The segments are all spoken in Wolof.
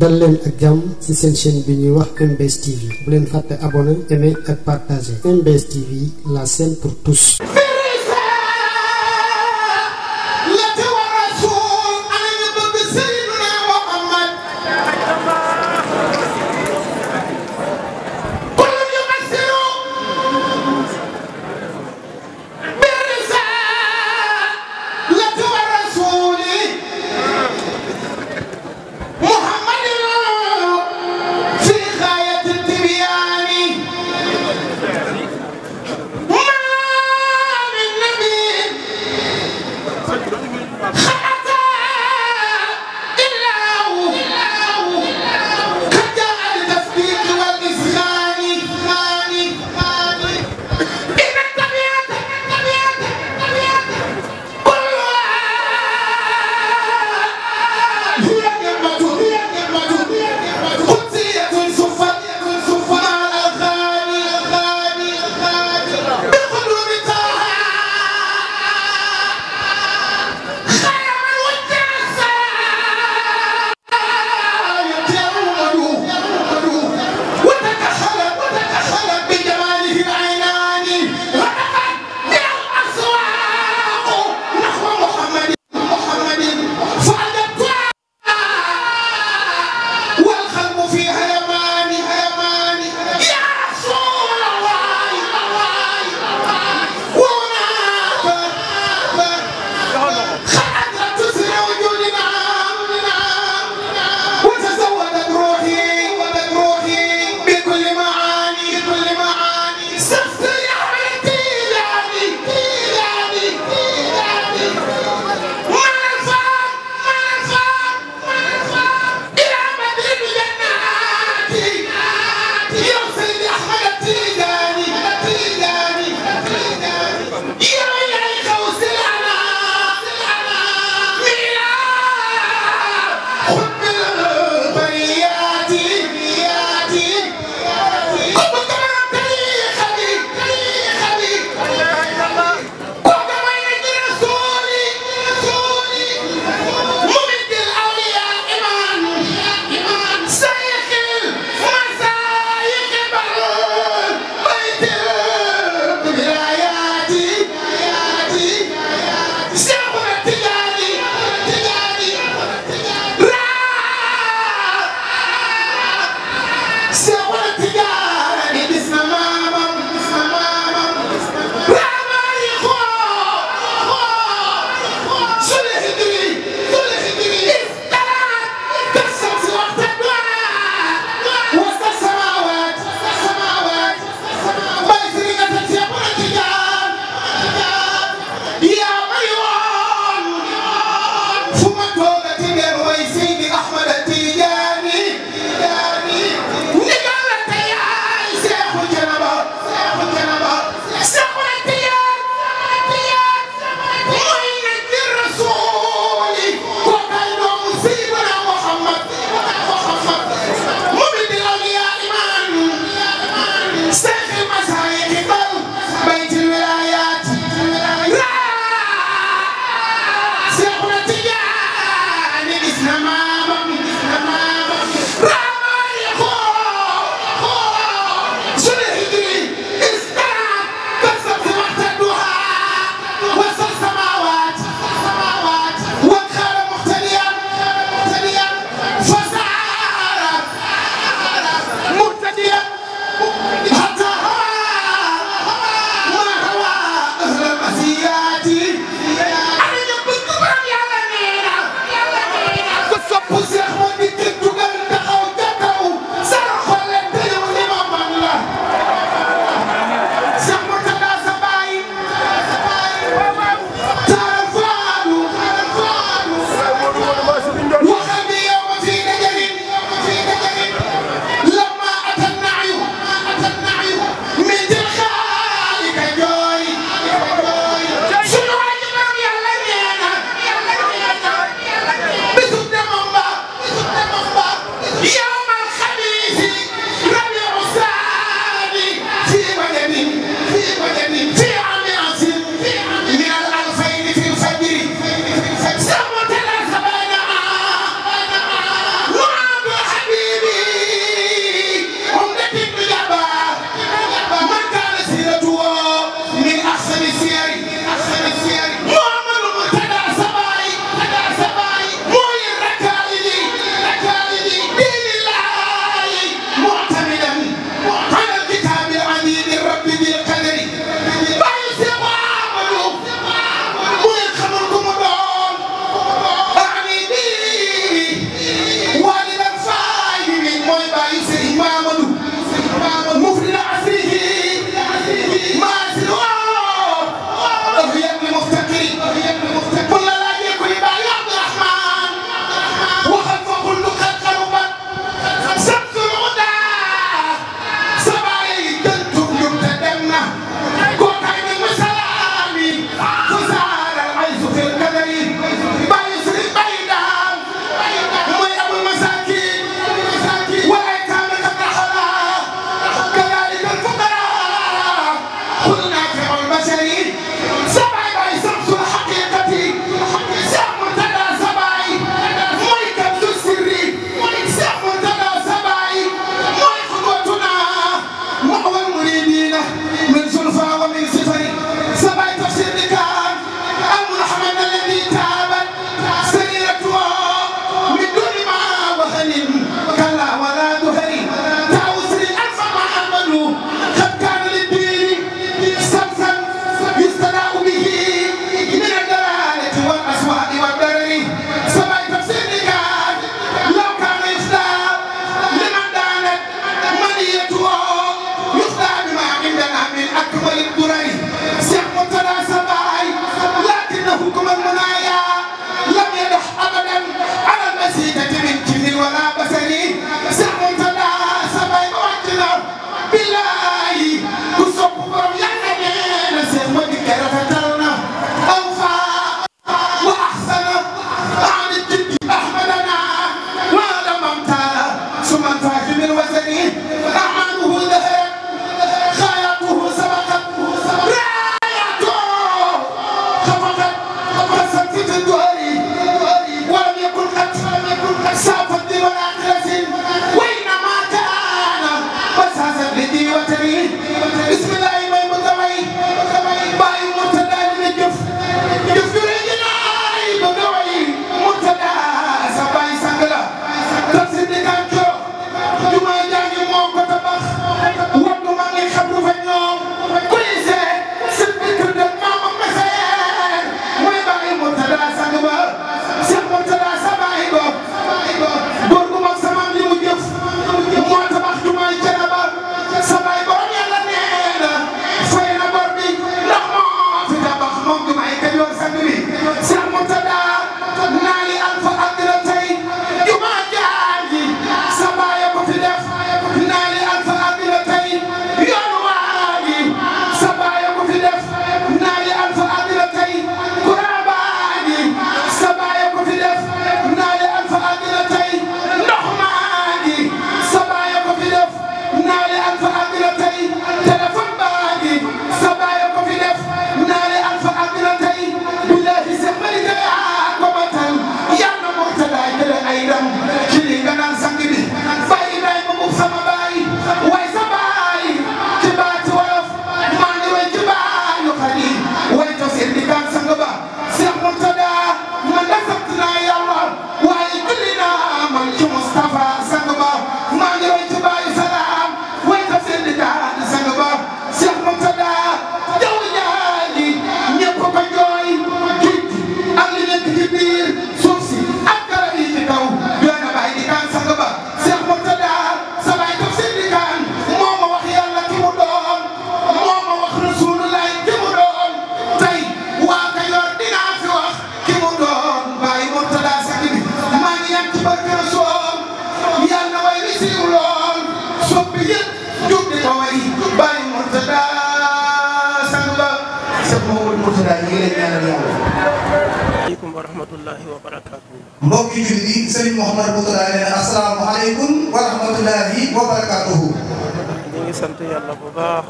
dal leen ak jàmm ci seen chaîne bi ñuy wax MBS TV bu leen fàtte abonné aimé ak partagé MBS TV la chaîne pour tous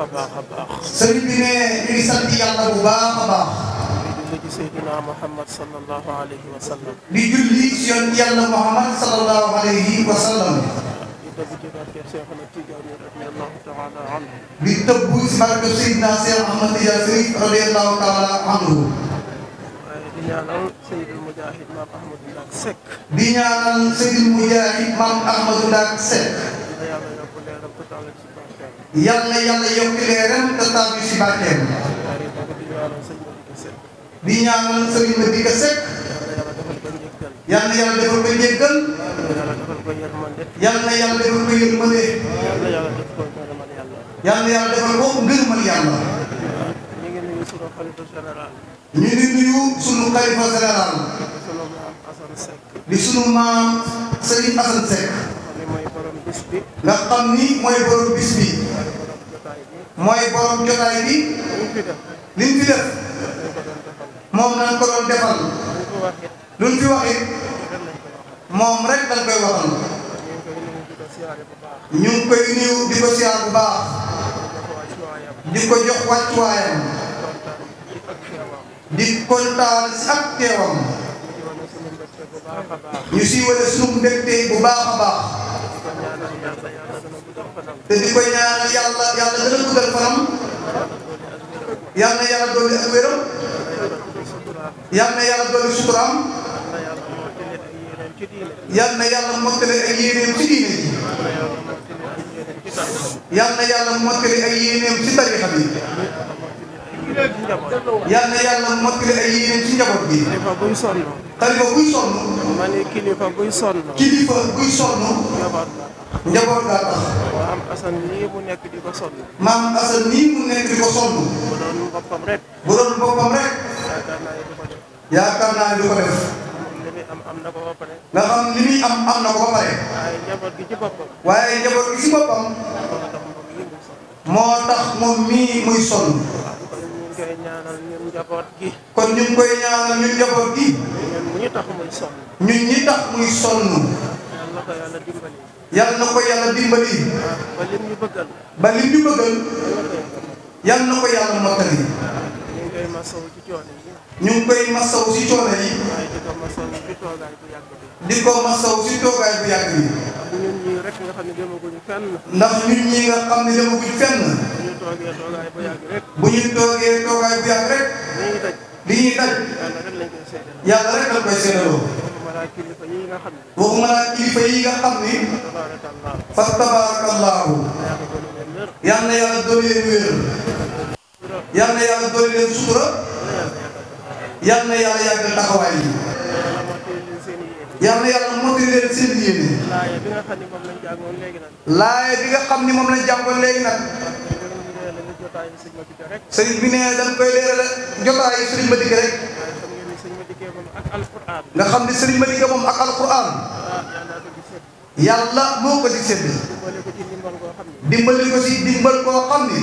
a baax a baax. sëriñ bi ne ñu ngi sant yàlla bu baax a baax. di julli ci Seydina Muhammad sallallahu alayhi wa sallam. di julli ci yoon yàlla Muhammad sallallahu alayhi wa sallam. di tëbbu ci barke Cheikhna Tidiane radiyallahu taala anhu. di tëbbu ci barke Seydina Cheikh Ahmad Tidiane radiyallahu taala anhu. di ñaanal Seydil Mujahid maam Ahmadou Ndak Seck. di ñaanal Seydil Mujahid maam Ahmadou Ndak Seck. yal na yàlla yokk leeram te taal ñu si barkeem di ñaanal sëriñ ma di ko sekk yal na yàlla defal ko njéggal yal na yàlla defal ko yërmande yal na yàlla defal ko ngërëmal yàlla ñu ngi nuyu sunu xalifa général di sunu maam Serigne Assane Seck nga xam ni mooy borom bis bi mooy borom jotaay bi liñ fi def moom nañ ko doon defal fi waxit moom rek dañ koy waxal ñu koy nuyu di ko siyaar bu baax di ko jox wàccuwaayam di kontaan si ak teewam ñu siiwale suñu mbégte bu baax a baax te di koy ñaanal yàlla yàlla gën a guddal faram yàlla na yàlla dolli ak wéram yàlla na yàlla dolli suturaam yàlla na yàlla mottali ak yéeneem ci diine ji yàlla na yàlla mottali ak yéeneem ci tarixa bi yàlla na yàlla mottali ak yéeneem ci njaboot bi tarixa buy sonn kilifa buy sonn njaboot laa tax. maam Assane nii mu nekk di ko sonn. maam Assane nii mu nekk di ko sonn. bu doon boppam rek. bu doon boppam rek. yaakaar ya, naa ne du ko def. am am na ko ba xam li am am na ko ba pare. waaye njaboot gi ci boppam. waaye njaboot gi ci boppam. moo tax moom mii muy sonn. kon ñu koy ñaanal ñu ngi gi. ñun ñi tax muy sonn. ñun ñi tax muy sonn. yàlla na ko yàlla dimbali. ba lim ñu bëggal. ba lim ñu bëggal. yàlla na ko yàlla mottali. ñu koy masawu ci coono yi. ñu ngi koy masawu ci coono yi. di ko masawu ci toogaay bu yàgg bi. di ko ñii nga xam ne demaguñu fenn. ndax ñun ñii nga xam ne fenn. bu ñu toogee toogaay bu yàgg rek. bu ñu toogee li ñuy daj. li ñuy daj. yàlla rek lañ koy seedaloo. waxuma laa kilifa yi nga xam ni fa tabaarakallaahu yal na yàlla dolli leen wér yal na yàlla dolli leen sutura yal na yàlla yàgg taxawaay yi yal na yàlla mottali leen seen yéene laaye bi nga xam ni moom lañ jàngoon léegi nag laaye bi nga xam ni moom lañ jàngoon léegi nag sëriñ bi nee dañ koy leeral jotaayu sëriñ ba dikk rek nga xam ne sëriñ Malick moom ak alquran yàlla moo ko ci sedd dimbali ko ci dimbal koo xam ni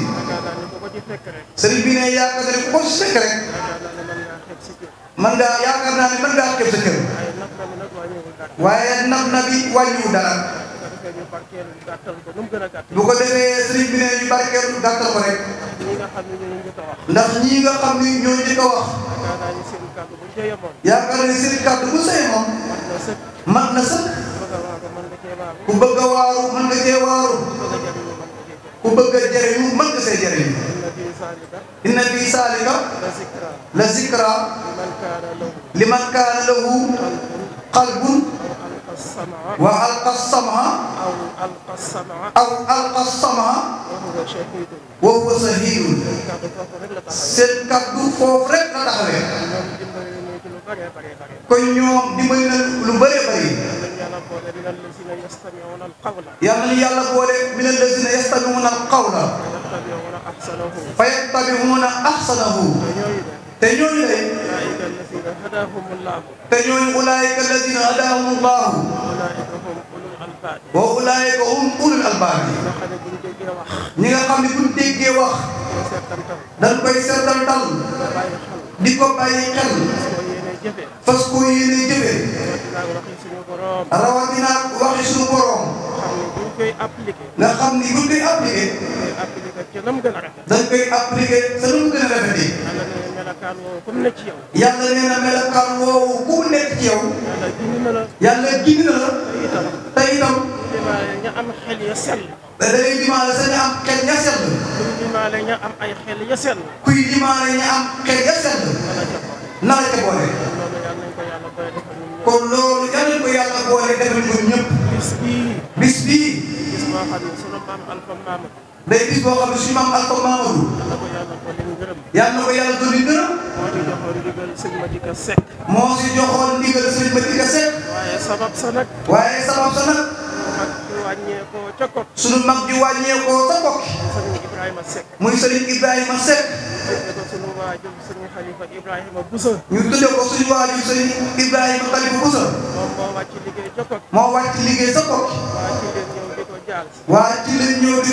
sëriñ bi ne yaakaar naa ne ko ci fekk rek man ngaa yaakaar naa ne mën ngaa xeeb sa kër waaye nab na bi wàññiwu dara bu ko defee sëriñ bi ne ñu barkeelu gàttal ko rek ndax ñii nga xam ni ñoo njëkk a wax yaakaar ne seen kàddu bu sëy moom mat na sëkk ku bëgg a waaru mën nga cee waaru ku bëgg a jëriñu mën nga see jëriñu inna fi saalika la zikra liman kaana lahu qalbun wa alqa sama aw alqa sama wa huwa shahidun seen kàddu foofu rek la taxawee kon ñoom dimbali na lu bëree bëri. yàlla na yàlla boole min alladina yastamiuna alqawla fa yattabiuna ahsanahu te ñooñu de. te ñooñu ulaayika alladina hadahum allahu wa ulaayika hum ulul albaab ñi nga xam ne buñ déggee wax. dañ koy seetantal. di ko bàyyi xel. fas ko yéene jëfee rawatina waxi suñu borom nga xam ni buñ koy appliqué dañ koy appliqué sa nu gën a rafetee yàlla nee na melakaan woowu ku nekk ci yow yàlla gindi na la te itam ña am xel ya sell. da ngay dimaale sa ña am xel ya sell. kuy dimaale ña am ay xel ya sell. kuy dimaale ña am xel ya sell. na la ca boole kon loolu yal nañu ko yàlla boole defal ko ñëpp. bis bii bis bii. bis boo xam ne sunu maam Alpha Mamadou. day bis boo xam ne suñu maam Alpha Mamadou. yal na ko yàlla dolli gërëm. moo ci joxoon ndigal sëñ Madika Seck. moo ci joxoon ndigal sëñ Madika Seck. waaye sabab sa nag. waaye sabab sa nag. wàññeekoo ca kot sunu mag di wàññeekoo ca kot sëriñ Ibrahima Seck waa ci leen di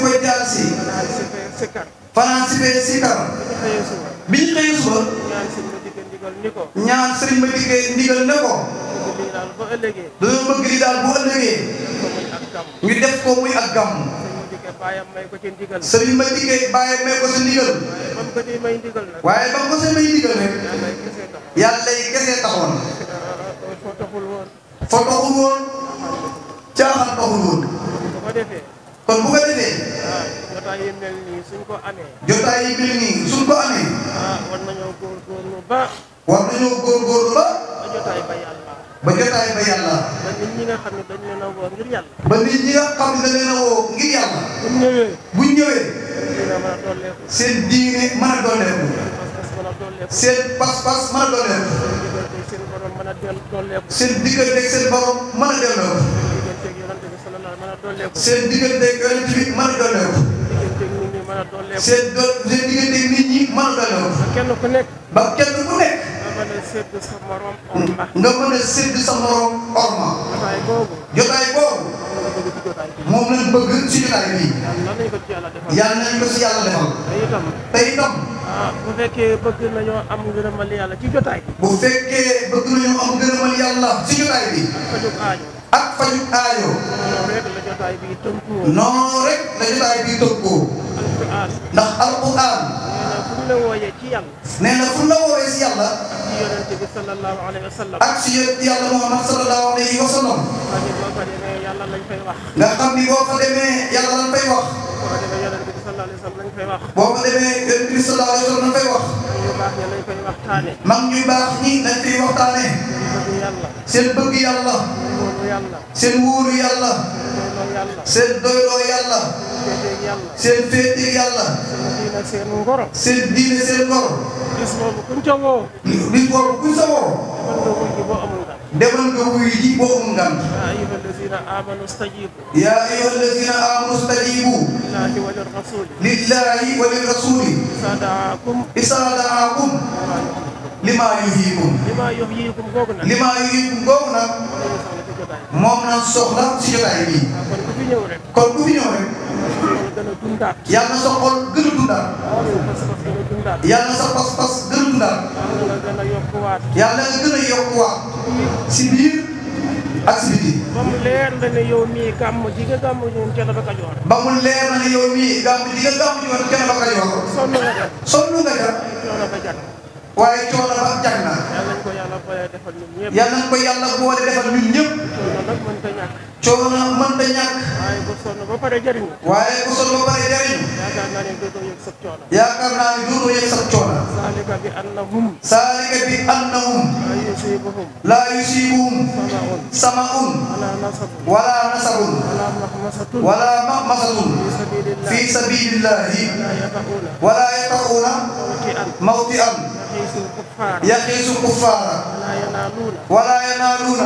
ko jaal fanaan si fee sikkar fanaan si ñaan sëriñ ma diggee ndigal ne ko. dañoo bëgg li daal bu ëllëgee. ñu def ko muy ak gàmm. sëriñ ma diggee bàyyam may ko si ndigal. waaye ba mu ko see may ndigal rek. yàlla yi kese taxoon. fa taxul woon. caaxaan taxul woon. kon bu ko defee. jotaay yu mel nii suñ ko amee. jotaay yu mel ah war nañoo góorgóorlu ba. war nañoo góorgóorlu ba. ba jotaay ba yàlla. ba pas-pas mën a dooleeku. seen borom mën a dooleeku. seen borom mën a seen doon seen diggante nit ñi mën a doyoo. ba kenn ku nekk. ba kenn ku nekk. nga mën a sédd sa morom orma. Hmm. a sédd sa morom orma. jotaay boobu. jotaay boobu. moom lañ bëgg ci jotaay bi. yàlla nañ ko ci yàlla defal. tey itam. tey itam. Ah, bu fekkee bëgg nañoo am ngërëmal yàlla ci jotaay. bu fekkee bëgg jotaay bi. ak faju aajo. noonu la jotaay bi tënkoo. ndax alquran. nee na la wooyee ci yàlla. ak ci yàlla Muhammad sallallahu alayhi wa sallam. nga xam ni boo fa demee yàlla lañ fay wax. boo fa demee yonent bi sallallahu alayhi wa seen wuuru yàlla seen doyloo yàlla seen féeteeg yàlla seen diine seen ngor bis boobu kuñ ca woo bis boobu kuñ sa woo demal nga ji boo amul ngànt yaa ayyuha allazina amanu stajibu yaa ayyuha allazina amanu stajibu lillahi wa lirrasuli lillahi wa lirrasuli isadaakum isadaakum limaa yuhyikum moom nan soxla si jotaay bi kon ku fi ñëw rek yàlla na sa xol gën a dundaat yàlla na sa pas-pas gën a dundaat yàlla nga gën a yokkuwaat si biir ak si biti. ba mu leer na ne yow mii gàmm ji nga gàmm ñoom kenn ba Kajoor. ba mu leer na ne yow mii gàmm ji nga gàmm ñoom kenn ba Kajoor. sonn nga def sonn nga def. waaye coono ba ak jàng na yàlla ko yàlla defal ñun ñëpp coono mën ta ñàkk waaye bu sonn ba pare jariñu waaye bu sonn ba pare jariñu yaakaar naa ne bi annahum saalika yusibuhum samaun wala nasabun wala mahmasatun fi sabilillahi wala yatauna mawti'an يقيس الكفار ولا ينالون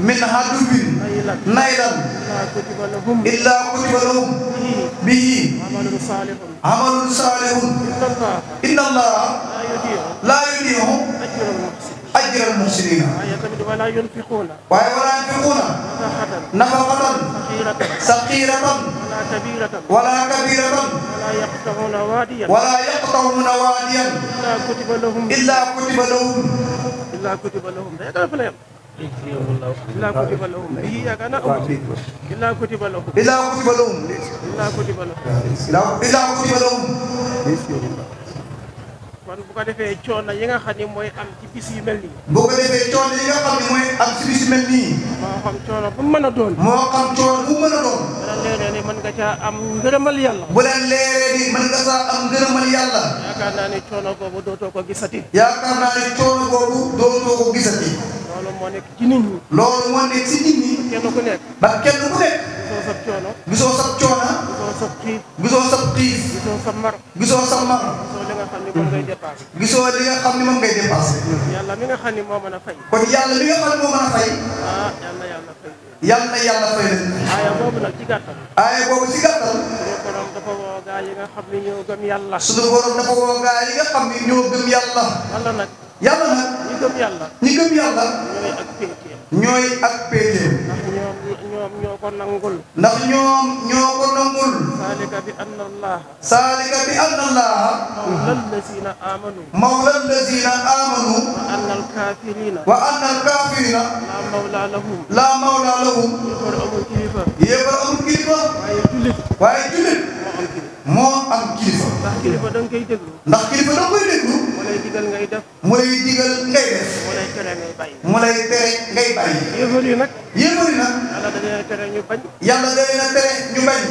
من عدو نيلا إلا كتب لهم به عمل صالح إن الله لا يديهم أجر المحسنين ولا ينفقون ولا ينفقون نفقة صغيرة ولا كبيرة ولا كبيرة ولا يقطعون واديا ولا يقطعون واديا إلا كتب لهم إلا كتب لهم إلا كتب لهم إلا كتب لهم إلا كتب لهم إلا كتب لهم إلا كتب لهم إلا كتب لهم kon bu ko defee coono yi nga xam ni mooy am ci bis yu mel nii. boo ko defee coono yi nga xam ni mooy am ci bis mel nii. moo xam coono bu mën a doon. moo xam coono bu mën a doon. bu nga caa am ngërëmal yàlla. bu la leeree ni mën nga caa naa ne coono boobu dootoo ko ko gisati. loolu moo nekk loolu moo nekk ci nit ñi. kenn ku nekk. ba kenn ku nekk. gisoo sab coono. gisoo sab coono. gisoo sa sa xiif. gisoo sa mar. sa mar. gisoo li nga xam ni moom ngay dépassé. gisoo li nga xam ni moom ngay a fay. kon yàlla mi a ah, yàlla yàlla fay. yàlla yàlla ci gàttal. aaya boobu ci gàttal. suñu borom dafa woo gaa yi nga xam ni ñoo gëm yàlla. suñu borom dafa woo gaa yi nga xam ni ñoo gëm ñooy ak péeteem. ñoom ñoo ko nangul. ndax ñoom ñoo ko nangul. saalika bi anna allah. saalika bi anna allah. mawla allazina amanu. mawla allazina amanu. wa anna alkafirina. wa anna alkafirina. la mawla lahum. la mawla lahum. yéefar amul kilifa. yéefar amul kilifa. waaye julit. waaye julit. moo am kilifa. ndax kilifa da nga koy déglu. ndax kilifa da nga koy déglu. mu lay digal ngay def. mu lay digal ngay def. mu lay tere ngay bàyyi. mu lay tere ngay bàyyi. yéefar yi nag. yéefar yi nag. yàlla da leen a tere ñu bañ. yàlla da leen a tere ñu bañ.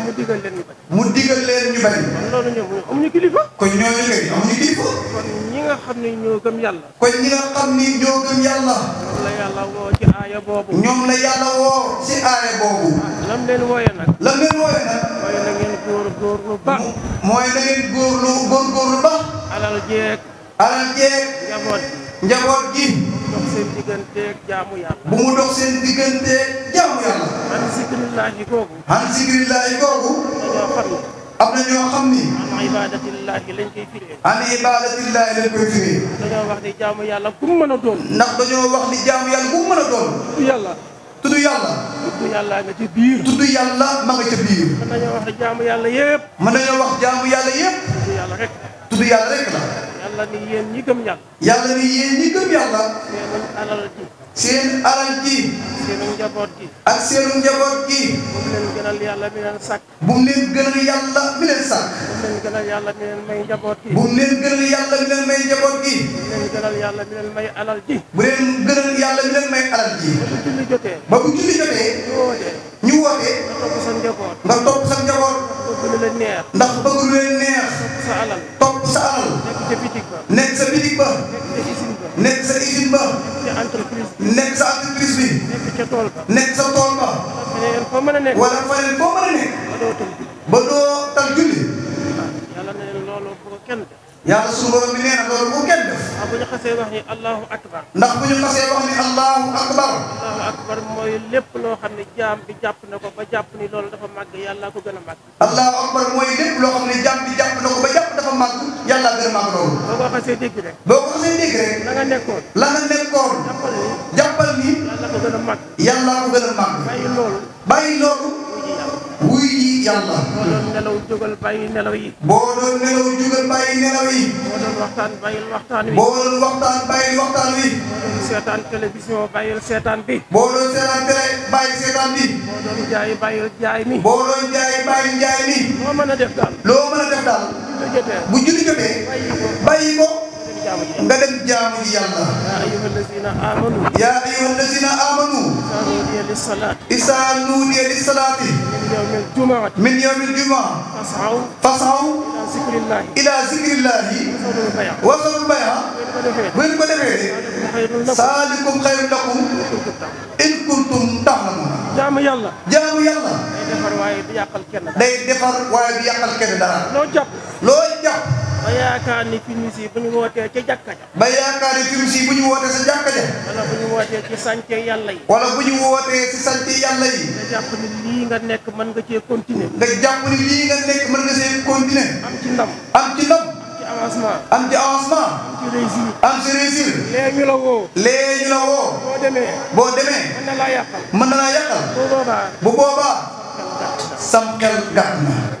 mu digal leen ñu bañ. mu digal leen ñu bañ. kon loolu ñoom amuñu kilifa. kon ñooñu kay amuñu kilifa. kon ñi nga xam ne ñoo gëm yàlla. kon ñi nga xam ni ñoo gëm yàlla. ñoom la yàlla woo ci aaya boobu. ñoom la yàlla woo ci aaya boobu. lam leen wooyee nag. lam leen wooyee nag. mooy na ngeen góorgóorlu ba. mooy na ngeen góorlu góorgóorlu ba. alal jeeg. alanteeg njaboot njaboot ji bu mu dox seen digganteeg jaamu yàlla bu mu dox seen digganteeg jaamu yàlla an zikrillahi googu an zikrillahi googu am na ñoo xam ni an ibadatillahi lañ koy firee an ibadatillahi lañ koy firee dañoo wax ni jaamu yàlla bu mu mën a doon ndax dañoo wax ni jaamu yàlla bu mën a doon yàlla tudd yàlla. tudd yàlla nga ci biir. tudd yàlla ma nga ca biir. mën nañoo wax jaamu yàlla yëpp. ma nañoo wax jaamu yàlla yëpp. tudd yàlla rek. tudd yàlla rek la. yàlla ni yéen ñi gëm yàlla. yàlla ni yéen ñi seen alal ji. seenu njaboot gi. ak seenu njaboot gi. bu mu leen gënal yàlla mi leen sàkk. bu mu leen gënal yàlla mi leen sàkk. bu mu leen gënal yàlla mi leen may njaboot gi. bu mu leen gënal yàlla mi leen may njaboot gi. bu leen gënal yàlla mi leen may alal ji. bu leen gënal yàlla mi leen may alal ji. ba bu julli jotee. ba bu julli jotee. ñu wootee. ñu wootee. nga topp sa njaboot. nga topp sa njaboot. bëgg lu leen neex. ndax bëgg lu leen neex. topp sa alal. topp sa alal. nekk sa bitig ba. nekk sa bitig ba. nekk sa usine ba. nekk sa nekk sa entreprise bi. nekk tool ba. nekk sa tool ba. wala feneen foo mën a nekk. ba doo tal julli. yàlla na loolu bu ko kenn def. yàlla suñu borom bi nee na loolu bu ko kenn def. ndax bu ñu xasee wax ni allahu akbar. ndax bu ñu xasee wax ni allahu akbar. allahu akbar mooy lépp loo xam ne jaam bi jàpp na ko ba jàpp ni loolu dafa màgg yàlla ko gën a ne ko ba jàpp dafa màgg yàlla gën a màgg loolu. boo ko xasee dégg rek. boo ko xasee dégg rek. la nga nekkoon la nekkoon. jàppal ni yàlla ko gën a mag yàlla ko gën a mag bàyyi loolu bàyyi loolu wuy ji yàlla boo doon nelaw jógal bàyyi nelaw yi boo doon nelaw jógal bàyyi nelaw yi boo doon waxtaan bàyyil waxtaan wi boo doon waxtaan bàyyil waxtaan wi boo doon seetaan télévision bàyyil seetaan bi boo doon seetaan télé bàyyi seetaan bi boo doon jaay bàyyil jaay mi boo doon jaay bàyyi jaay mi loo mën a def daal loo mën a def daal bu julli jotee bàyyi ko nga dem jaamu ji yàlla yaa ayyuha allazina amanu isa nuudiya li salaati min yawmi aljumaa fasaw ila zikrillahi wasalul baya bu ngeen ko defee saalikum xayrun lakum in kuntum taxlamun jaamu yàlla jaamu yàlla day defar waaye du yàqal kenn dara loo jàpp ba yaakaar ni film si bu ñu wootee ca jàkka ja ba yaakaar ni film si bu ñu wootee sa jàkka ja wala bu ñu wootee ci sante yàlla yi wala bu ñu wootee ci sante yàlla yi nga jàpp ni lii nga nekk mën nga cee continuer nga jàpp ni lii nga nekk mën nga cee continuer am ci ndam am ci ndam avancement am ci avancement am ci réussir am ci réussir léegi ñu la woo léegi ñu la woo boo demee boo demee mën na laa yàqal na laa yàqal bu boobaa bu boobaa sam xel gàtt na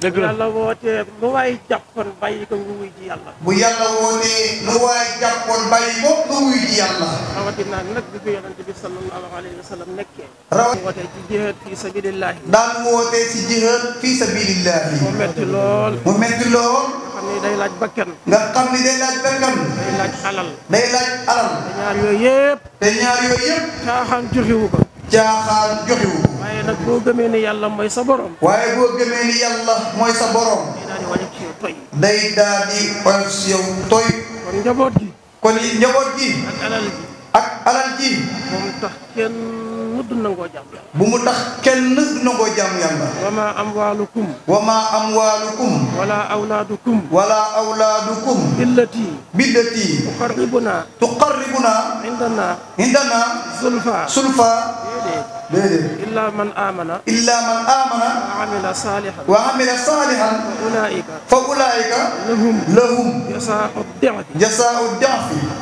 dëgg la yàlla wootee lu waay jàppoon bàyyi ko nga wuy ji yàlla. bu yàlla wootee lu waay jàppoon bàyyi ko nga wuy ji yàlla. rawatina nag bi ko yonente bi sallallahu alayhi wa sallam nekkee. rawatina wootee ci jihaad fii sabilillahi. daan wootee ci jihaad fii sabilillahi. mu metti lool. mu metti lool. nga xam ni day laaj bakkan. nga xam ni day laaj bakkan. day laaj alal. day laaj alal. te ñaar yooyu yëpp. te ñaar yooyu yëpp. caaxaan joxewu ko. caaxaan joxewu waaye nag boo gëmee ni yàlla mooy sa borom. waaye boo gëmee ni yàlla mooy sa boroom day daal di oyof si yow toy. kon njaboot gi. kon njaboot gi. ak alal ji. ak alal ji. mudd nangoo jàmm yàlla bu mu tax kenn nangoo jàmm yàlla wa ma amwaalukum wa wala awlaadukum wala awlaadukum billati billati tuqarribuna tuqarribuna indana indana sulfa sulfa déedéet illa man amana illa man amana amila salihan wa amila salihan ulaika fa ulaika lahum lahum jasaa'u dha'fi jasaa'u dha'fi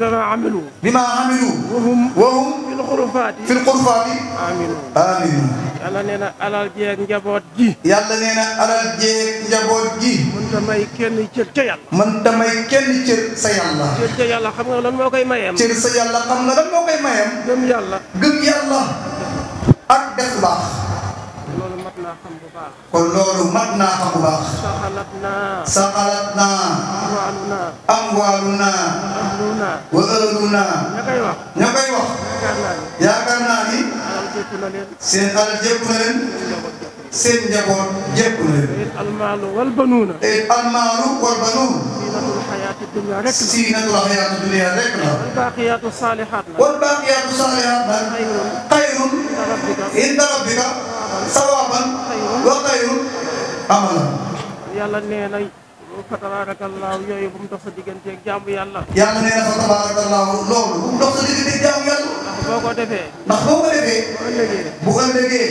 بما عملوا بما عملوا وهم وهم في الخرفات في الخرفات آمنوا آمنوا yàlla nee na alal jeeg njaboot ji yàlla nee na alal jeeg njaboot ji mënta may kenn cër ca yàlla mënta may kenn cër sa yàlla cër ca yàlla xam nga lan moo koy mayam cër sa yàlla xam nga lan moo koy mayam gëm yàlla gëm yàlla ak def baax kon loolu mat naa xam bu baax. saxalat naa. amwaalu naa. wa ëllu naa. ña koy wax. yaakaar naa ni. seen alal jëpp na leen. seen njaboot jekk na leen. almaalu wal banuuna. almaalu wal banuuna. siinatul xayaatu dunya rek la. siinatul xayaatu dunya rek la. wal baaqiyaatu saalihaat la. wal baaqiyaatu saalihaat la. xayrun inda rabbika sawaaban wa xayrun amalan. yàlla nee na. fa tabaarakallaahu yooyu bu mu dox sa digganteeg jaamu yàlla. yàlla nee na fa tabaarakallaahu loolu bu mu dox sa digganteeg jaamu yàlla. ndax boo ko defee. ndax boo ko defee. bu ëllëgee bu ëllëgee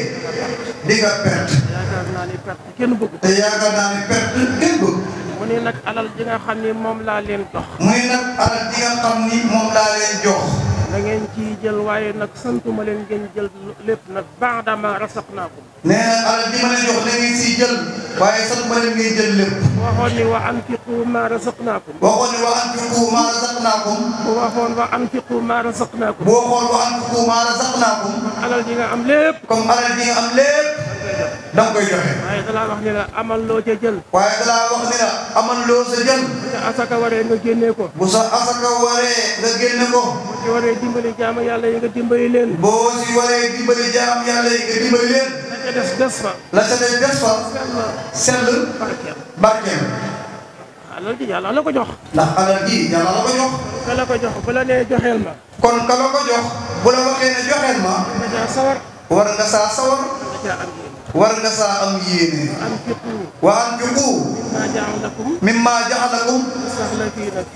di nga perte. yaakaar naa ni perte kenn bëgg. te yaakaar naa ni perte kenn bëgg. mu ne nag alal ji nga xam ni moom laa leen jox. mu ne nag alal ji nga xam ni moom laa leen jox. da ngeen ciy jël waaye nag santuma leen ngeen jël lépp nag baadama rasaqnaakum nee na alal ji ma leen jox da ngeen siy jël waaye santuma leen ngeen jël lépp waxoon ni wa anfiqu ma rasaqnaakum waxoon waa wa anfiqu ma rasaqnaakum waxoon wa anfiqu ma rasaqnaakum waxoon wa da nga koy joxe. waaye da laa wax ne la amal loo ca waaye da wax ne la amal loo sa sa asaka waree nga génne ko. bu sa asaka waree nga génne ko. boo si waree dimbali jaamu yàlla yi nga dimbali leen. boo si waree dimbali jaamu yàlla yi nga dimbali leen. la ca des fa. la ca des fa. sell barkeel barkeel. alal ah, la ko jox. ndax alal ji yàlla la ko jox. ka la jox bu la nee joxeel ma. bu la waxee war nga saa sawar. war nga saa sawar. war nga saa am yéene. wa anfiqu mimma jaxalakum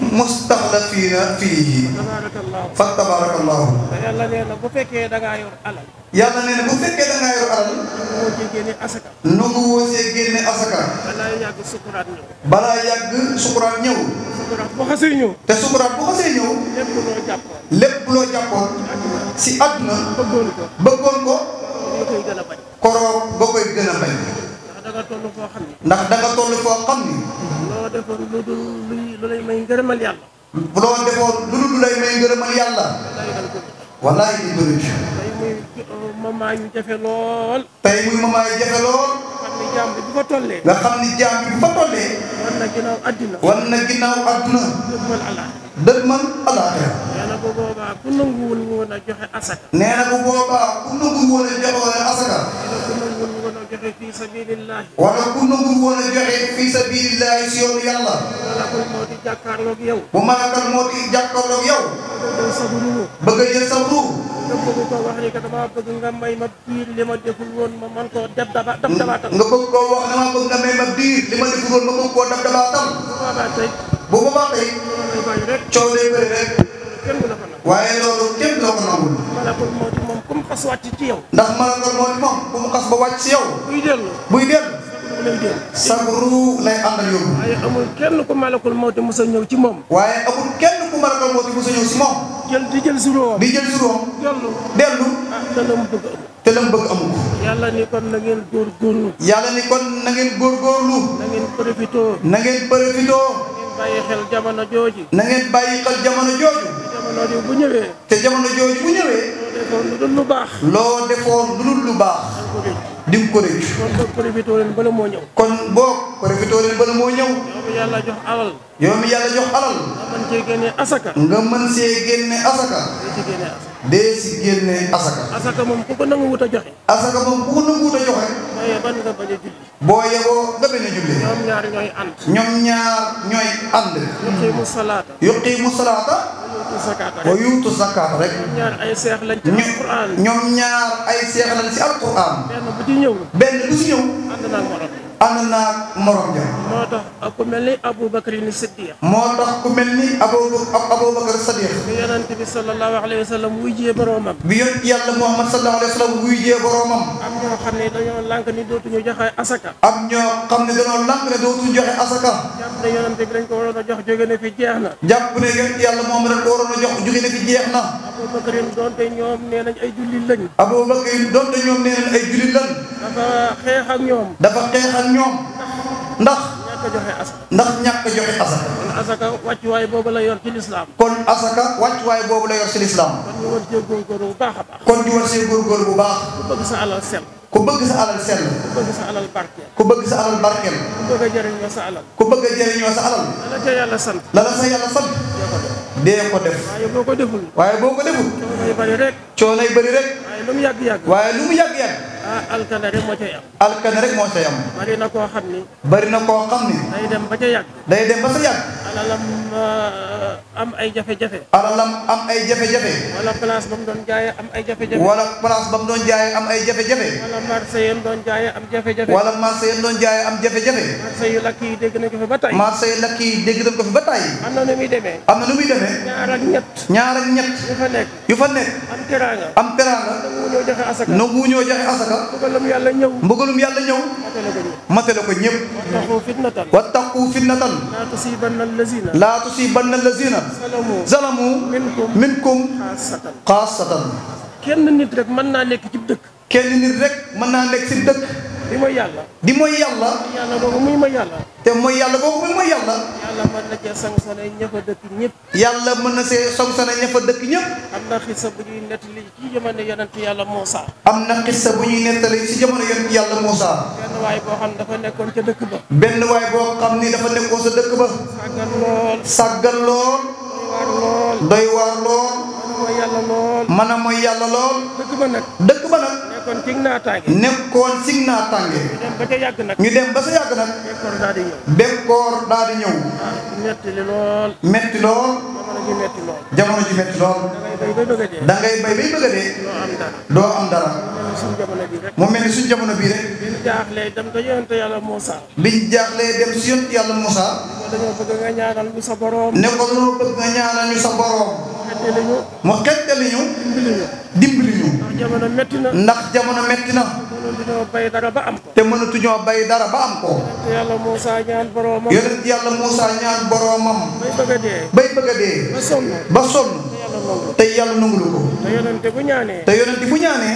mustaxlafiina fiihi fa tabarakallahu. yàlla nee na bu fekkee da yàlla nee na bu fekkee da ngaa alal. nu mu génne asaka. balaa yàgg sukuraat ñëw. te sukuraat bu xasee ñëw. lépp loo jàppoon. lépp loo jàppoon. si àdduna. bëggoon ko. bëggoon ko. koroog ba koy gën a bañ. ndax danga toll foo xam ni. ndax danga toll foo xam ni. loo defoon lu dul lu lay may ngërëmal yàlla. loo defoon lu dul lay may ngërëmal yàlla. walaay di bëri. tey muy euh, moment yu jafe lool. tey muy moment yu jafe lool. nga xam ni jaam bi bu fa tollee. nga xam ni jaam bi bu fa tollee. war na ginnaaw adduna. war na ginnaaw adduna. dëgg man alaaxira. nee na bu boobaa ku a bu boobaa ku nanguwul woon a joxe asaka. wala ku nanguwul woon a joxe fii a bu malakal moo di jàkkaarloog yow. bëgg a jël sa ruux. nga bëgg koo wax ni que damaa bëgg nga may ma diir bu bu baax day coow day bëri rek waaye loolu kenn doo moom ku mu xas wàcc ci yow. ndax malaakul mawti moom ku mu xas ba wàcc ci yow. buy dellu buy dellu. sagru lay ànd ak waaye amul kenn ku malakul mawti mos a ñëw ci moom. waaye amul kenn ku malakul mawti mos a ñëw si moom. jël di jël si ruwaam di jël si ruwaam. dellu dellu. Ah, te la mu bëgg amul. yàlla ni kon na ngeen góorgóorlu. yàlla ni kon na ngeen góorgóorlu. na ngeen profitoo. na ngeen bàyyi xel jamono jooju. na ngeen bàyyi xel jamono jooju. bu ñëwee. te jamono jooju bu ñëwee. loo defoon lu dul lu baax. loo defoon lu lu baax. di nga ko rëcc. kon boog profité leen bala moo ñëw. kon boog profité leen bala moo ñëw. yow mi yàlla jox alal. yow mi yàlla jox alal. nga mën cee génne asaka. nga mën see génne asaka. dee si génne asaka. asaka moom ku nangu wut a joxe. asaka moom ku nangu wut a joxe. waaye ban nga bañ a julli. boo yeboo nga bañ a julli. ñoom ñaar ñooy ànd. ñoom ñaar ñooy ànd. yuqiimu salaata. yuqiimu salaata. wa yuutu zakaata rek. ñoom ñaar ay seex lañ ci alquran. ñaar ay seex ci alquran. benn bu ci ñëw. benn bu ci ñëw. ànd naag morom ja moo tax ku mel ni Aboubacar ni Siddiq moo tax ku mel ni Aboubacar Siddiq bi yonent bi sallallahu alayhi wa sallam wuy jee boroomam bi yonent yàlla Muhammad sallallahu alayhi wa sallam wuy jee boroomam am ñoo xam ne dañoo lànk ni dootuñu joxe asaka am ñoo xam ne dañoo lànk ne dootuñu joxe asaka jàpp ne yonent bi dañ ko waroon a jox jóge na fi jeex na jàpp ne yonent yàlla moom dañ ko waroon a jox jóge na fi jeex na Aboubacar yi doonte ñoom nee nañ ay jullit lañ Aboubacar yi doonte ñoom nee nañ ay jullit lañ dafa xeex ak ñoom dafa xeex ak ñoom ndax ndax ñàkk joxe asaka kon asaka wàccuwaay boobu la yor ci lislaam kon asaka wàccuwaay boobu la yor ci lislaam kon ñu war see góorgóorlu bu baax a baax kon ñu war see góorgóorlu bu baax ku bëgg sa alal sell ku bëgg sa alal sell ku bëgg sa alal barkeel ku bëgg sa alal barkeel ku bëgg a jëriñoo sa alal ku bëgg a jëriñoo sa alal la la sa yàlla sant la la sa yàlla sant dee ko def waaye boo ko deful waaye boo ko deful coono yi bëri rek coono yi bëri rek waaye lu mu yàgg-yàgg waaye lu mu yàgg-yàgg alkane rek moo cay am. alkane rek moo cay am. bari na koo xam bari na koo xam day dem ba ca yàgg. day dem ba sa yàgg. alalam am ay jafe-jafe. alalam am ay jafe-jafe. wala place ba mu doon jaayee am ay jafe-jafe. wala place ba mu doon jaayee am ay jafe-jafe. wala marché yéen doon jaayee am jafe-jafe. wala marché yéen doon jaayee am jafe-jafe. marché yu lakk yi dégg ko fi ba marché yu lakk yi dégg ko fi ba am na nu muy demee. am na nu muy demee. ñaar ak ñaar ak yu fa yu fa am am joxe asaka. joxe asaka. mbugalum yàlla ñëw mbugalum yàlla ñëw matale ko ñëpp wattaqu fitnatan wattaqu fitnatan laa tusibanna allazina laa tusibanna allazina zalamu minkum minkum xaasatan kenn nit rek mën naa nekk ci dëkk kenn nit rek mën naa nekk ci dëkk di mooy yàlla. di mooy yàlla. yàlla boobu muy mooy yàlla. te mooy yàlla boobu muy mooy yàlla. yàlla mën na cee sanctionné ña fa dëkk ñëpp. yàlla mën na ñëpp. am na xisa bu ñuy nettali ci jamono yonent yàlla Moussa. am na xisa yàlla Moussa. benn waay boo xam ne dafa nekkoon ca dëkk ba. benn waay boo xam ni dafa nekkoon sa dëkk ba. sàggan lool. sàggan lool. doy waar lool. doy waar a mooy yàlla lool. a mooy yàlla lool. dëkk ba nag. dëkk ba nag. Nekon ci naataange. nekkoon ci naataange. ñu dem ba ca yàgg nag. ñu dem ba ca yàgg nag. bekkoor daal di ñëw. bekkoor daal di ñëw. Ah, metti li lool. metti lool. jamono ji metti lool. da ngay bay bay bëgg am dara. jamono rek. dem dem ne ko bëgg nga ñaanal ñu sa borom. ndax jamono metti na. mënatuñoo ba am ko. te mënatuñoo bay dara ba am ko. yonent yàlla Moussa ñaan boromam. yonent yàlla Moussa ñaan boromam. bay bëgg a dee. bay bëgg a dee. ba sonn. ba sonn. te yàlla nangul ko. te yonent bu ñaanee. te yonent bu ñaanee.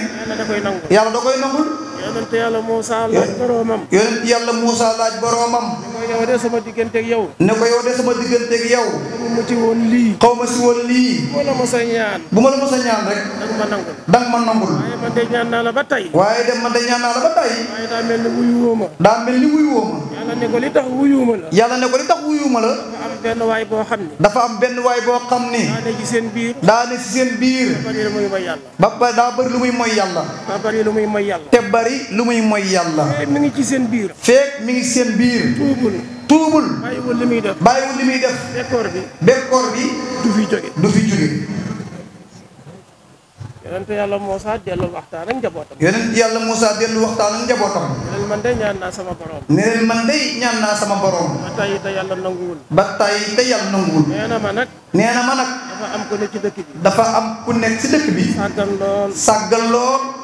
yàlla da koy nangul. yonent yàlla Moussa laaj boroomam. yonent yàlla Moussa laaj boroomam. ne ko yow de sama digganteeg yow. ne ko yow de sama digganteeg yow. xaw ma ci woon lii. xaw ma si woon lii. bu ma la mos ñaan. ma la mos a ñaan rek. danga ma nangul. ma nangul. waaye naa la ba tey. waaye de man de ñaan naa la ba tey. waaye daa mel ni wuyu woo ma. yàlla ne ko li tax wuyu ma la. yàlla ne ko li tax wuyu ma la. dafa am benn waay boo xam ne. dafa am benn daa ne ci seen biir. daa ne ci seen biir. ba bari lu muy mooy bari lu muy mooy yàlla. te bari bari lu muy mooy yàlla. feeg mi ngi ci seen biir. feeg mu ngi seen biir. tuubul tuubul. bàyyiwul li muy def bàyyiwul li muy def. bekkoor bi bekkoor bi. du fi jóge du fi jóge. yonent yàlla Moussa dellu waxtaan ak njabootam. yonent yàlla Moussa dellu waxtaan ak njabootam. ne leen naa sama borom. ne leen man sama borom. ba yàlla nanguwul. ba tey te yàlla nanguwul. nee na ma nag. dafa am ku nekk ci dëkk bi. dafa lool. sàggan lool.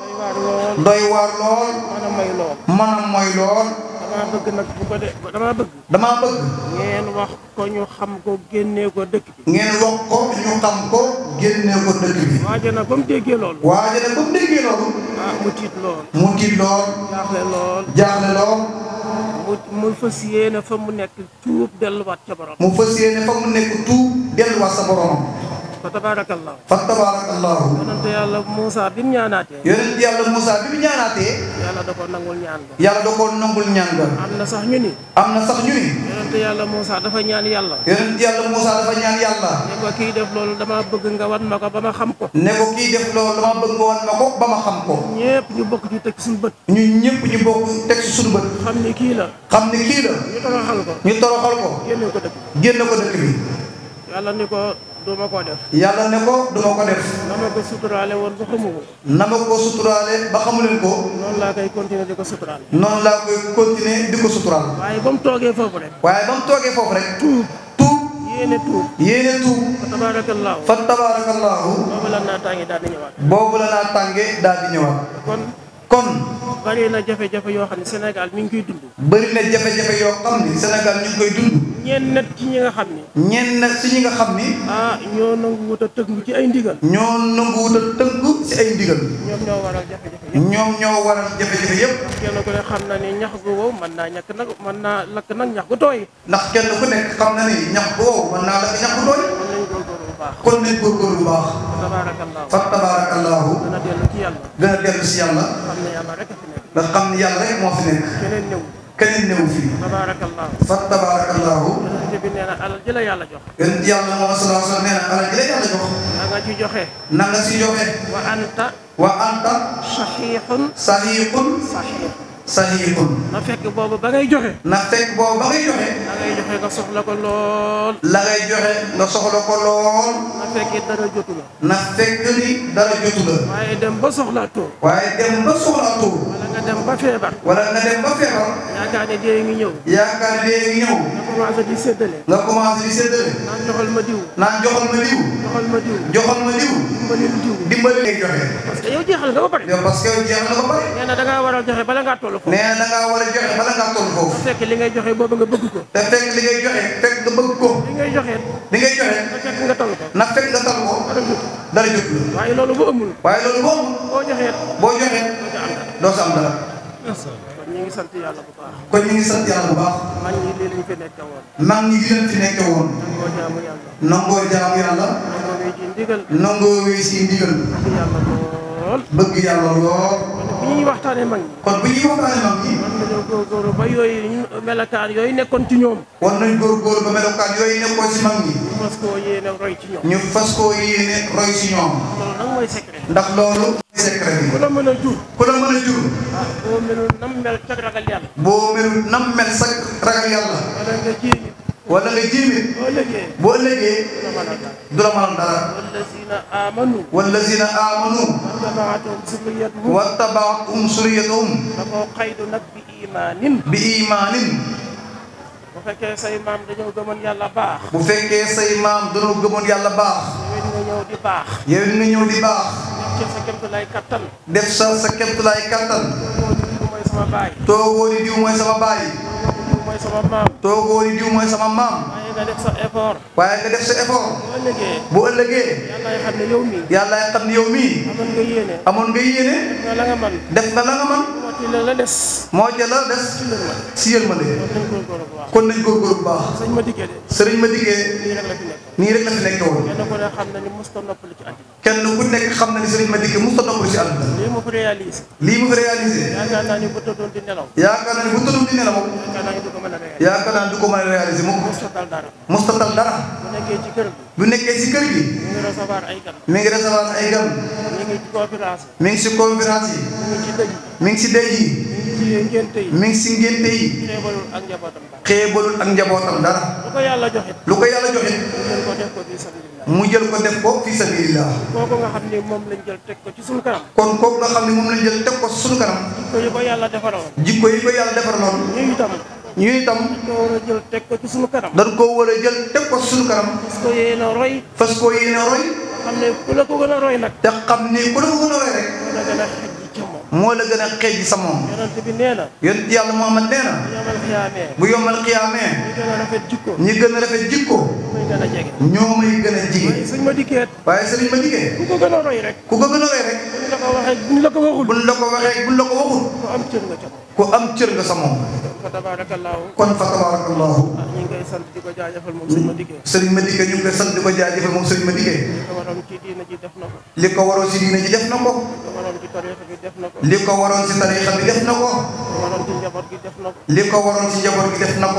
doy waar lool. mën a mooy lool. mën a mooy lool. damaa bëgg nag bu ko de damaa bëgg. damaa bëgg. ngeen wax ko ñu xam ko génne ko dëkk bi. ngeen wax ko ñu xam ko génnee ko dëkk bi. waaja ba mu déggee loolu. waaja nag ba mu déggee loolu. ah mu tiit lool. mu tiit lool. jaaxle lool. mu mu fas yéene fa mu nekk tuub delluwaat ca borom. mu sa borom. fa tabarakallahu fa tabarakallahu yonent yàlla Moussa bi da ko nangul ñaan ba yàlla sax ñu ni am na sax dafa ñaan yàlla yonent yàlla Moussa dafa ñaan yàlla ne ko def loolu dama bëgg nga wan ma ko xam ko ne ko def loolu dama bëgg nga wan xam ko ñu bokk ñu suñu ñu bokk suñu la la ñu toroxal ko ñu toroxal ko duma ko def. yàlla ne ko duma ko def. na ma ko suturaale woon ba xamu ko. na ma ko suturaale ba xamu leen ko. noonu laa koy continuer di ko suturaale. noonu laa koy continuer di ko suturaale. waaye ba mu toogee foofu rek. waaye ba mu toogee foofu rek. tuub tuub. yéene tuub. yéene tuub. fa tabaarakallaahu. boobu la naataange daal di ñëwaat. boobu la naataange daal di ñëwaat. kon. bari na jafe-jafe yoo xam ne senegal mi ngi koy dund. bari na jafe-jafe yoo xam ne Sénégal ci ñi nga xam ni. ñenn nag ci ñi nga xam ni. ah ñoo nangu wut a ci ay ndigal. ñoo nangu wut a tënku ci ay ndigal. ñoom ñoo waral jafe-jafe yëpp. ñoom ñoo waral jafe-jafe yëpp. kenn ku ne xam na ni ñax gu mën naa ñàkk nag mën naa lakk nag ñax gu tooy. ndax kenn ku nekk xam na ni ñax gu wow mën naa lakk ñax gu tooy. kon nañ góorgóorlu bu baax. baax. fa tabaarakallaahu. gën a ci yàlla. gën a dellu ci yàlla. ndax xam ni yàlla rek moo fi nekk. keneen ñëw fii. fa tabaarakallaahu. yonent bi nee na alal ji la yàlla jox. yonent yàlla moom sallallahu alayhi wa sallam nee na alal ji la yàlla jox. na nga ci joxe. na nga ci joxe. wa anta. wa anta. saxiixun. saxiixun. saxiix. saxiikun. na fekk boobu ba ngay joxe. na fekk boobu ba ngay joxe. la ngay joxe nga soxla ko lool. la ngay joxe nga soxla ko lool. na fekk dara jotu la. na fekk ni dara jotu la. waaye dem ba soxlaatoo. waaye dem ba soxlaatoo. wala nga dem ba feebar. wala nga dem ba feebar. yaakaar ne dee ngi ñëw. yaakaar ne dee ngi ñëw. nga commencé di séddale. nga commencé di séddale. naan joxal ma diw. naan joxal ma diw. joxal ma diw. joxal ma diw. dimbalil diw. dimbalil ngay joxe. parce que yow jeexal nga ba pare. yow parce que yow jeexal nga ba pare. nee na da ngaa war a joxe bala ngaa toll. toll ko. nee na a joxe bala ngaa toll foofu. fekk li ngay joxe boobu nga bëgg ko. te fekk nga bëgg ko. li ngay na fekk nga toll ko. na fekk nga toll ko. dara jot la. waaye loolu bu amul. waaye loolu bu amul. boo joxe. boo joxe doo sa am dara. kon ñu ngi sant yàlla bu baax. kon ñu ngi sant yàlla bu ñi li leen fi nekke woon. mag ñi li leen fi nekke woon. nangoo jaamu yàlla. nangoo wéy si ndigal. nangoo lool. bëgg yàlla lool. kon bu ñuy waxtaanee mag ñi. kon bu ñuy waxtaanee mag ñi. war nañoo góorgóorlu ba yooyu ñu yooyu nekkoon ci ñoom. war nañ góorgóorlu ba melokaan yooyu nekkoon ci mag ñi. ñu fas koo yéene roy ci ñoom. ñu fas koo ndax loolu. secret bi. ku la mën a a jur. Ah, boo melul nam mel sa ragal yàlla. boo wala nga jéemit bu ëllëgee du la mënal dara wallazina amanu wattabaatum suriyatuhum bi imaanin bu fekkee say maam dañoo gëmoon yàlla baax bu fekkee say maam dañoo gëmoon yàlla baax yow nga ñëw di baax yow nga ñëw di baax def sa kemtulaay kattan def sa sa kemtulaay kattan toogoo ni diw mooy sama baay toogoo ni diw mooy sama baay sama maam. toogoo ni diw mooy sama maam. waaye sa effort. waaye nga def sa effort. bu ëllëgee. bu ëllëgee. yàlla ya xam ne yàlla ya yow mii. amoon nga yéene. amoon nga yéene. def nga la nga man. def nga la nga man. moo ci si yéen ma de. kon nañ góorgóorlu bu baax. sëñ ma de. sëriñ ma diggee. nii rek la fi nekk. nii rek la ne xam na ni musta noppali ci àddina. kenn ku ma diggee musta noppali ci àddina. lii mu fi réalisé. lii mu fi réalisé. yaakaar naa ni bu tëddoon nelaw. yaakaar naa du ko mën a réaliser mukk mustatal dara bu nekkee ci kër gi mi ngi recevoir ay gan mi ngi recevoir ay gan mi ngi ci conférence mi ngi yi mi ngi si dëj yi mi ngi ci ngénte yi xeebalul ak njabootam dara lu ko yàlla joxit mu jël ko def ko fii sabilillah kooku ne moom lañ jël teg ko ci kon kooku nga xam ne moom lañ jël teg ko su suñu kanam jikko yi ko yàlla defaraloon jikko yi ko ñu itam. dañ ko war a jël teg ko ci sunu kanam. dañ ko war a jël teg ko ci sunu kanam. fas ko yéene roy. fas ko yéene roy. xam ne ku la ko gën a roy nag. te xam ne ku la ko gën a roy rek. moo la gën a xeej sa moom. yonent bi nee na. yonent yàlla Muhammad nee na. bu yomal xiyaamee. ñi gën a rafet jikko. ñi gën a rafet jikko. ñoo may gën a jege. waaye sëñ ma dikkee. waaye sëñ ma dikkee. ku ko gën a roy rek. ku ko gën a roy rek. buñ la ko waxee buñ la ko waxul. buñ la ko waxee buñ la ko waxul. ku am cër nga ca. ku am cër nga sa moom. kon fa tabaarakallaahu. kon fa tabaarakallaahu. ñu di ko jaajëfal moom sëriñ Madické. sëriñ Madické ñu ngi koy sant di ko jaajëfal moom sëriñ Madické. li ko waroon ci diina ji def na ko. li ko waroon ci diina ji def na li ko waroon ci tariixa bi def na ko. li ko waroon ci tariixa bi li ko waroon